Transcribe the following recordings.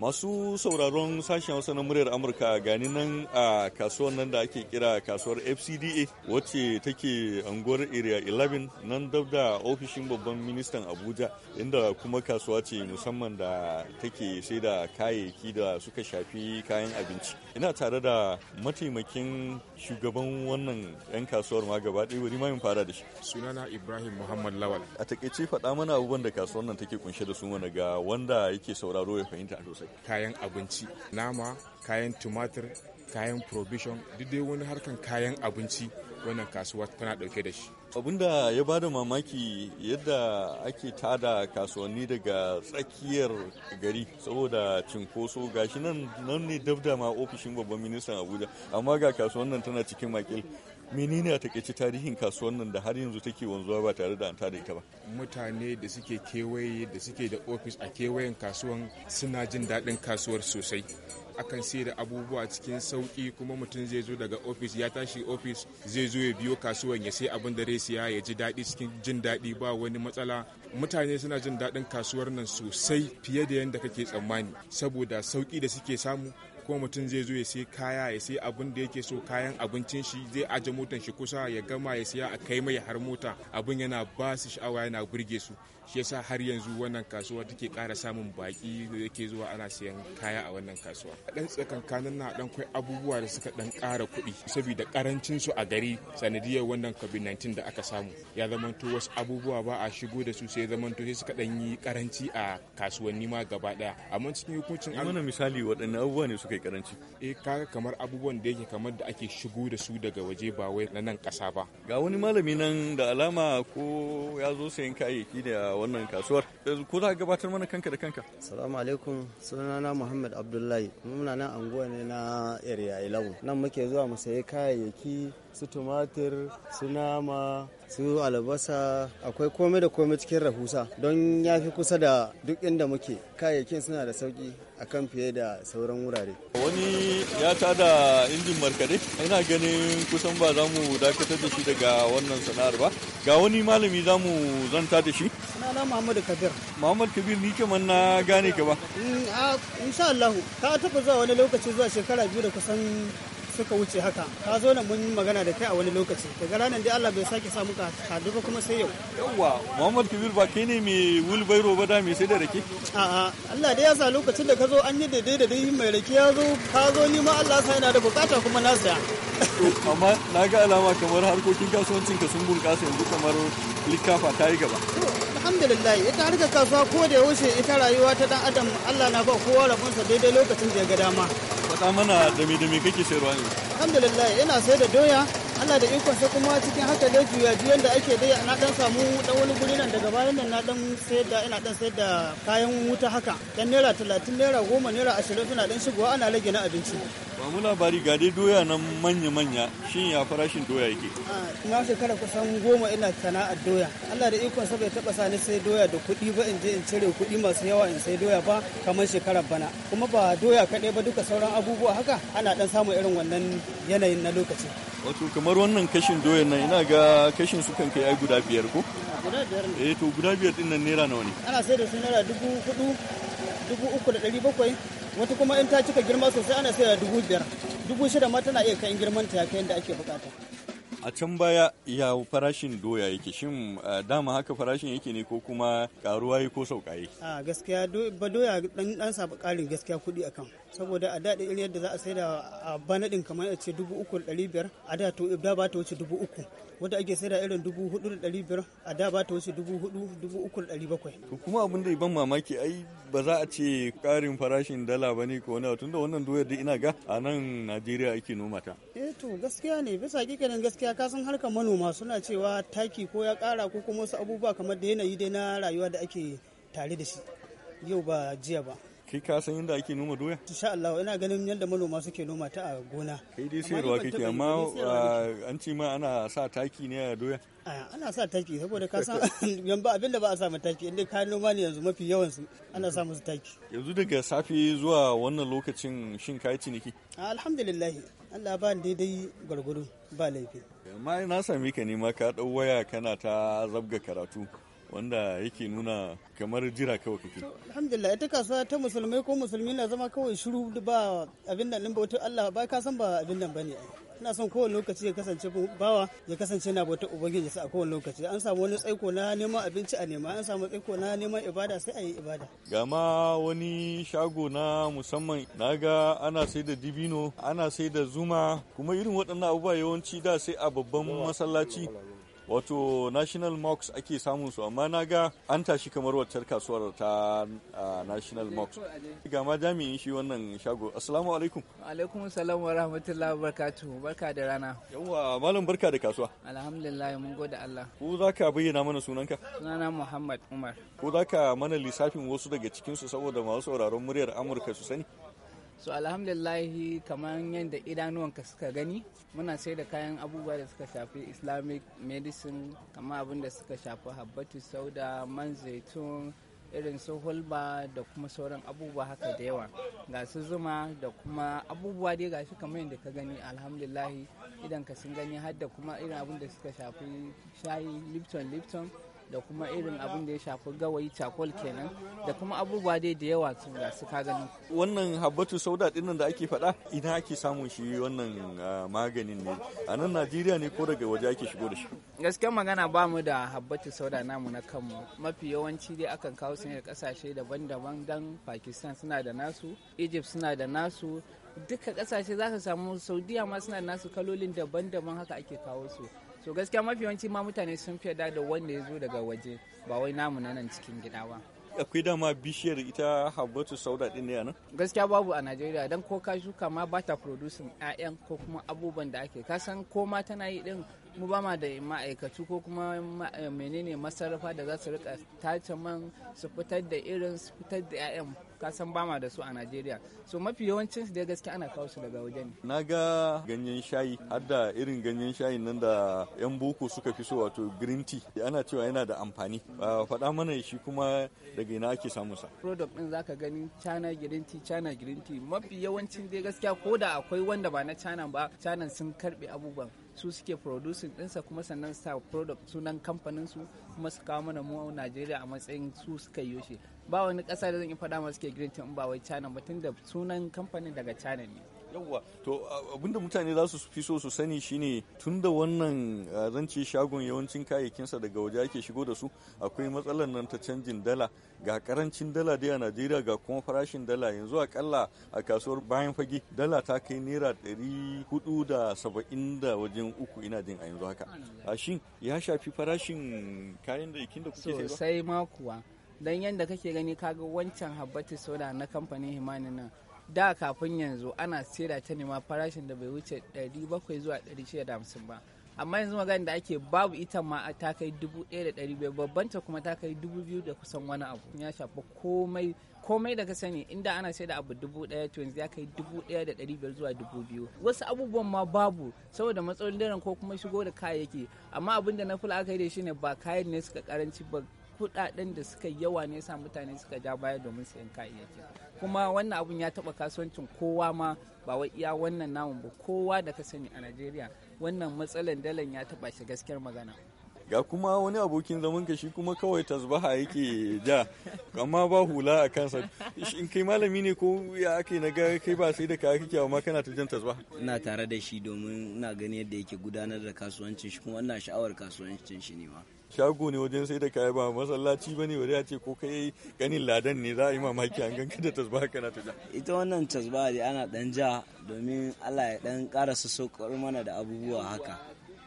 masu sauraron sashen hausa na muryar amurka gani nan a kasuwar nan da ake kira kasuwar fcda wacce take unguwar area 11 nan dab da ofishin babban ministan abuja inda kuma kasuwa ce musamman da take sai da kayayyaki da suka shafi kayan abinci ina tare da mataimakin shugaban wannan 'yan kasuwar ma gaba ɗaya wuri mamin fara da shi sunana ibrahim muhammad lawal a takaice faɗa mana abubuwan da kasuwar nan take kunshe da su wani ga wanda yake sauraro ya fahimta sosai kayan abinci nama kayan tumatir kayan provision duk dai wani harkan kayan abinci wannan kasuwa tana dauke da shi da ya bada mamaki yadda ake tada kasuwanni daga tsakiyar gari saboda cinkoso gashi nan nan ne dabda ma ofishin babban ministan abuja amma ga kasuwan nan tana cikin makil menene a takaice tarihin kasuwan nan da har yanzu take wanzuwa ba tare da an tada ita ba mutane da suke kewaye da suke da ofis a kewayen kasuwan suna jin daɗin kasuwar sosai akan sai da abubuwa cikin sauki kuma mutum zai zo daga ofis ya tashi ofis zai zo ya biyo kasuwan ya sai abin da siya ya ji daɗi cikin jin daɗi ba wani matsala mutane suna jin daɗin kasuwar nan sosai fiye da yadda kake tsammani saboda sauki da suke samu kuma mutum zai zo ya sai kaya ya sai abin da yake so kayan abincin shi zai aje motan shi kusa ya gama ya siya a kai mai har mota abin yana ba su sha'awa yana burge su shi yasa har yanzu wannan kasuwa take ƙara samun baki da yake zuwa ana siyan kaya a wannan kasuwa a ɗan tsakankanin na dan kwai abubuwa da suka ɗan ƙara kuɗi saboda karancin su a gari sanadiyar wannan covid-19 da aka samu ya zamanto wasu abubuwa ba a shigo da su sai zamanto sai suka dan yi karanci a kasuwanni ma gaba daya amma cikin hukuncin an mana misali waɗanne abubuwa ne suka yi karanci. eh kaga kamar abubuwan da yake kamar da ake shigo da su daga waje ba wai na nan ƙasa ba ga wani malami nan da alama ko ya zo sayan kayayyaki da wannan kasuwar ko za ka gabatar mana kanka da kanka assalamu alaikum sunana muhammad abdullahi muna nan anguwa ne na area 11 nan muke zuwa mu sayi kayayyaki su tumatir su nama su albasa akwai komai da komai cikin rahusa don ya fi kusa da duk inda muke kayayyakin suna da sauki akan fiye da sauran wurare. Wani ya da injin markade ina ganin kusan ba za mu dakatar da shi daga wannan sana'ar ba. Ga wani malami za mu zanta da shi? Sunana Muhammadu Kabir. Muhammad Kabir ni kamar na gane ka ba. Mm, insha Allah, ka taba zuwa wani lokaci zuwa shekara biyu da kusan suka wuce haka ka zo nan mun magana da kai a wani lokaci daga ranar dai Allah bai sake samu muka hadu ba kuma sai yau yawwa Muhammad Kabir ba kai ne mai wulbairo ba da mai sai da rake a Allah dai ya sa lokacin da ka zo an yi daidai da dai mai rake ya zo ka zo ni ma Allah sai yana da bukata kuma na saya amma na ga alama kamar harkokin kasuwancin ka sun bunƙasa yanzu kamar likafa ta yi gaba alhamdulillah ita harka kasuwa ko da yaushe ita rayuwa ta dan adam Allah na ba kowa rabonsa daidai lokacin da ya ga dama faɗa mana da dami kake sayarwa ne alhamdulillah ina sayar da doya Allah da ikon sai kuma cikin haka dai juya juyan da ake dai na dan samu dan wani guri nan daga bayan nan na dan sayar da ina dan sayar da kayan wuta haka dan naira talatin naira goma naira ashirin suna dan shigowa ana rage na abinci ba mu labari ga dai doya nan manya-manya shin ya farashin doya yake ah, na shekara kusan goma ina sana'ar doya allah da ikon sa bai taba sani sai doya da kuɗi ba in je in cire kuɗi masu yawa in sai doya ba kamar shekarar bana kuma ba doya kaɗai ba duka sauran abubuwa haka ana dan samun irin wannan yanayin na lokaci wato kamar wannan kashin doyan nan ina ga kashin su kan kai ai guda biyar ko guda biyar ne eh to guda biyar din nan naira nawa ne ana sai da su naira dubu hudu dubu uku da ɗari bakwai wata kuma in ta cika girma sosai ana sayar da dubu biyar dubu shida ma tana iya kai girman ta ya kai da ake bukata a can baya ya farashin doya yake shin eh, dama haka farashin yake ne ko kuma karuwa yi ko sauka yi a gaskiya ba doya dan dan sabu karin gaskiya kuɗi akan saboda a daɗin irin yadda za a saida da a banadin kamar a ce dubu uku da ɗari biyar a da to da ba ta wuce dubu uku wanda ake sai da irin dubu hudu da ɗari biyar a da ba ta wuce dubu hudu dubu uku da ɗari bakwai kuma abin da ban mamaki ai ba za a ce karin farashin dala ba ne ko wani tunda wannan doyar da ina ga a nan najeriya ake noma ta eh to gaskiya ne bisa hakikanin gaskiya gaskiya ka san harkar manoma suna cewa taki ko ya kara ko kuma wasu abubuwa kamar da yanayi dai na rayuwa da ake tare da shi yau ba jiya ba kai ka san yadda ake noma doya insha Allah ina ganin yadda manoma suke noma ta a gona kai dai ruwa kake amma ah, an ce ma ana sa taki ne a doya ana sa taki saboda ka san yan ba abinda ba a samu taki inda ka noma ne yanzu mafi yawan su ana sa musu taki yanzu daga safe zuwa wannan lokacin shin kai ciniki alhamdulillah Allah ba ni daidai gwargwaro ba laifi. Ma na sami ka nema ka ɗau waya kana ta zabga karatu wanda yake nuna kamar jira kawai kake. Alhamdulillah ita kasuwa ta musulmai ko musulmi na zama kawai shiru ba abin nan ba Allah ba ka san ba abin nan bane. ina son kowane lokaci ya kasance bawa ya kasance na bautar ubangiji a kowane lokaci an samu wani tsaiko na neman abinci a nema an samu tsaiko na neman ibada sai a yi ibada gama wani shago na musamman na ga ana sai da dibino ana sai da zuma kuma irin waɗannan abubuwa yawanci da sai a babban masallaci wato national mox ake samun su amma na ga an tashi kamar waccar kasuwar ta national mox ga ma jami'in shi wannan shago assalamu alaikum alaikum salam wa rahmatullahi wa barkatu barka da rana yawa malam barka da kasuwa alhamdulillah mun gode Allah ko zaka bayyana mana sunanka sunana muhammad umar ko zaka mana lissafin wasu daga cikin su saboda masu sauraron muryar amurka su sani so alhamdulillahi kamar yadda idanuwanka suka gani muna sai da kayan abubuwa da suka shafi islamic medicine kamar abin da suka shafi habbatu sauda man zaitun irin su hulba da kuma sauran abubuwa haka da yawa ga su zuma da kuma abubuwa dai gashi kamar yadda ka gani alhamdulillahi idan ka sun gani har kuma irin abin da suka shafi shayi lipton lipton da kuma irin abin da ya shafi gawayi cakol kenan da kuma abubuwa dai da yawa su da su gani wannan habbatu sauda dinnan da ake faɗa ina ake samun shi wannan ah, maganin ne a nan najeriya ne ko daga waje ake shigo da shi gaskiyar magana ba mu da habbatu sauda namu na kanmu mafi yawanci dai akan kawo su ne da kasashe daban-daban dan pakistan suna da nasu egypt suna da nasu duka kasashe za ka samu saudiya ma suna da nasu kalolin daban-daban haka ake kawo su so gaskiya mafi yawanci ma mutane sun fi yarda da wanda ya zo daga waje ba wai namu na nan cikin gida ba akwai dama bishiyar ita habbatu sauda din ne nan gaskiya babu a najeriya dan ko ka shuka ma ba ta producing 'ya'yan ko kuma abubuwan da ake kasan ko ma tana yi din mu ba ma da ma'aikatu ko kuma eh, menene masarrafa da za su rika tace man su fitar da irin su fitar da 'ya'yan kasan ba ma da su a Najeriya so mafi yawancin su da gaske ana kawo su daga wajen na ga ganyen shayi har da irin ganyen shayi nan da yan boko suka fi so wato green tea ana cewa yana da amfani faɗa mana shi kuma daga ina ake samu sa product din zaka gani China green tea China green tea mafi yawancin da gaskiya ko da akwai wanda ba na China ba China sun karbe abubuwan su suke producing dinsa kuma sannan sa product sunan kamfanin su kuma su kawo mana mu Najeriya a matsayin su suka yi shi ba wani kasa da zan yi fada masu ke green tea ba wai China ba tunda sunan kamfanin daga China ne yawwa to abinda mutane za su fi so su sani shine tunda wannan zance shagon yawancin kayayyakinsa daga waje ake shigo da su akwai matsalar nan ta canjin dala ga karancin dala dai a najeriya ga kuma farashin dala yanzu akalla a kasuwar bayan fage dala ta kai naira ɗari hudu da saba'in da wajen uku ina jin a yanzu haka a shin ya shafi farashin kayan da ikin da kuke sosai ma kuwa dan yadda kake gani kaga wancan habbatu soda na kamfanin himanin nan da kafin yanzu ana saida ta ne ma farashin da bai wuce 700 zuwa 650 ba amma yanzu magana da ake babu ita ma ta kai 1,500 babban ta kuma ta kai 2,000 da kusan wani abu ya shafi komai komai da ka sani inda ana sai da abu dubu daya to yanzu ya kai dubu daya da dari biyar zuwa dubu biyu wasu abubuwan ma babu saboda matsalolin ko kuma shigo da kayayyaki amma abin da na fi la'akari da shi ne ba kayan ne suka karanci ba kudaden da suka yawa ne sa mutane suka ja baya domin sayan kayayyaki kuma wannan abun ya taba kasuwancin kowa ma ba wai iya wannan namun ba kowa da ka sani a Najeriya wannan matsalan dalan ya taɓa shi gaskiyar magana ga kuma wani abokin zaman ka shi kuma kawai tasbaha yake ja amma ba hula a kansa in kai malami ne ko ya ake na ga kai ba sai da ka kake amma kana ta jan tasbaha ina tare da shi domin ina gani yadda yake gudanar da kasuwancin shi kuma ina sha'awar kasuwancin shi ne ma shago ne wajen sai da kaya ba masallaci bane wanda ya ce ko kai ganin ladan ne za a yi mamaki an ganka da tasbaha kana ta ja ita wannan tasbaha dai ana dan ja domin Allah ya dan ƙara sassokar mana da abubuwa haka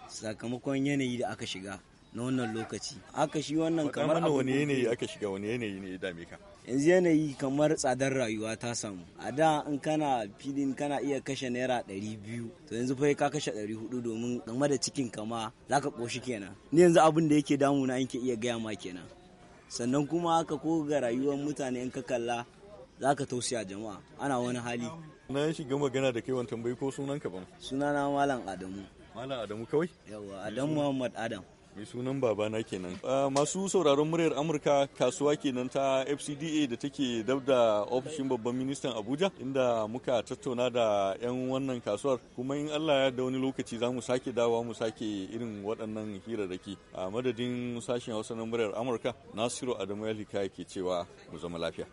sakamakon yanayi da aka shiga na wannan lokaci aka shi wannan kamar abu wani yanayi aka shiga wani yanayi ne ya dame ka yanzu yanayi kamar tsadar rayuwa ta samu a da in kana filin kana iya kashe naira ɗari biyu to yanzu fa ka kashe ɗari hudu domin game da cikin kama za ka ƙoshi kenan ni yanzu abin da yake damu na ke iya gaya ma kenan sannan kuma haka ko ga rayuwar mutane in ka kalla za ka tausiya jama'a ana wani hali na shiga magana da kai wani tambayi ko sunan ka ban sunana malam adamu malam adamu kawai yawa adamu muhammad adam mai sunan babana kenan ah, masu sauraron muryar amurka kasuwa kenan ta fcda da take dab da ofishin babban ministan abuja inda muka tattauna da 'yan wannan kasuwar kuma in allah ya da wani lokaci za mu sake dawa mu sake irin waɗannan hirarraki a madadin sashen hausa na muryar amurka nasiru adamu yalika ke cewa mu zama lafiya